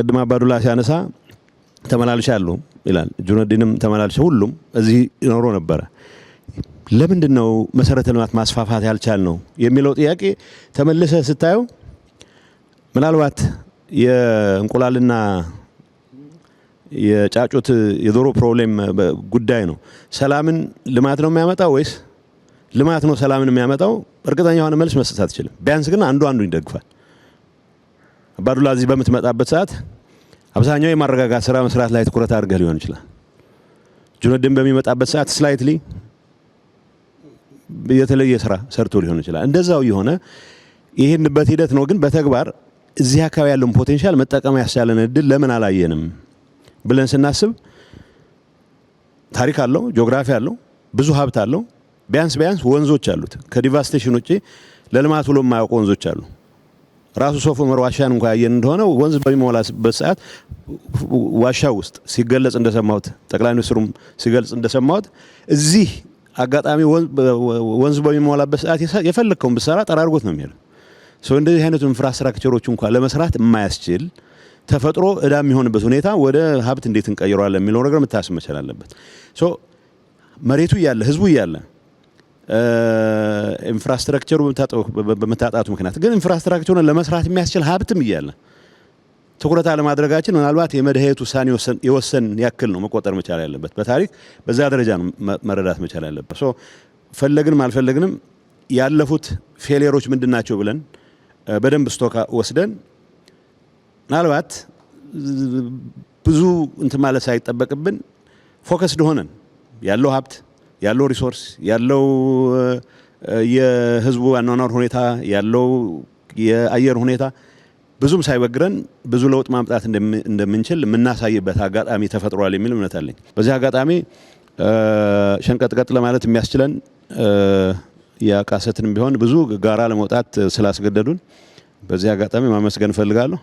ቅድም አባዱላ ሲያነሳ ተመላልሻሉ ይላል። ጁነዲንም ተመላልሸ፣ ሁሉም እዚህ ይኖሮ ነበረ። ለምንድን ነው መሰረተ ልማት ማስፋፋት ያልቻል ነው የሚለው ጥያቄ ተመልሰ ስታየው ምናልባት የእንቁላልና የጫጩት የዶሮ ፕሮብሌም ጉዳይ ነው። ሰላምን ልማት ነው የሚያመጣው ወይስ ልማት ነው ሰላምን የሚያመጣው? እርግጠኛ የሆነ መልስ መስጠት አትችልም። ቢያንስ ግን አንዱ አንዱ ይደግፋል። ባዱላ እዚህ በምትመጣበት ሰዓት አብዛኛው የማረጋጋት ስራ መስራት ላይ ትኩረት አድርገህ ሊሆን ይችላል። ጁነድን በሚመጣበት ሰዓት ስላይትሊ የተለየ ስራ ሰርቶ ሊሆን ይችላል። እንደዛው የሆነ ይህንበት ሂደት ነው። ግን በተግባር እዚህ አካባቢ ያለውን ፖቴንሻል መጠቀም ያስቻለን እድል ለምን አላየንም ብለን ስናስብ ታሪክ አለው፣ ጂኦግራፊ አለው፣ ብዙ ሀብት አለው። ቢያንስ ቢያንስ ወንዞች አሉት። ከዲቫስቴሽን ውጭ ለልማት ውሎ የማያውቁ ወንዞች አሉ። ራሱ ሶፍ ዑመር ዋሻን እንኳ ያየን እንደሆነ ወንዝ በሚሞላበት ሰዓት ዋሻ ውስጥ ሲገለጽ እንደሰማሁት ጠቅላይ ሚኒስትሩም ሲገልጽ እንደሰማሁት እዚህ አጋጣሚ ወንዝ በሚሞላበት ሰዓት የፈለግከውን ብሰራ ጠራርጎት ነው የሚሄደው። ሰው እንደዚህ አይነቱ ኢንፍራስትራክቸሮች እንኳ ለመስራት የማያስችል ተፈጥሮ እዳ የሚሆንበት ሁኔታ ወደ ሀብት እንዴት እንቀይረዋለን የሚለው ነገር መታሰብ መቻል አለበት። መሬቱ እያለ ህዝቡ እያለ ኢንፍራስትራክቸሩ በመታጣቱ ምክንያት ግን ኢንፍራስትራክቸሩን ለመስራት የሚያስችል ሀብትም እያለ ትኩረት አለማድረጋችን ምናልባት የመድኃኒት ውሳኔ የወሰን ያክል ነው መቆጠር መቻል ያለበት። በታሪክ በዛ ደረጃ ነው መረዳት መቻል ያለበት። ሶ ፈለግንም አልፈለግንም ያለፉት ፌሌሮች ምንድን ናቸው ብለን በደንብ ስቶካ ወስደን ምናልባት ብዙ እንትን ማለት ሳይጠበቅብን ፎከስድ ሆነን ያለው ሀብት ያለው ሪሶርስ ያለው የህዝቡ አኗኗር ሁኔታ ያለው የአየር ሁኔታ ብዙም ሳይበግረን ብዙ ለውጥ ማምጣት እንደምንችል የምናሳይበት አጋጣሚ ተፈጥሯል የሚል እምነት አለኝ። በዚህ አጋጣሚ ሸንቀጥቀጥ ለማለት የሚያስችለን ያቃሰትን ቢሆን ብዙ ጋራ ለመውጣት ስላስገደዱን በዚህ አጋጣሚ ማመስገን እፈልጋለሁ።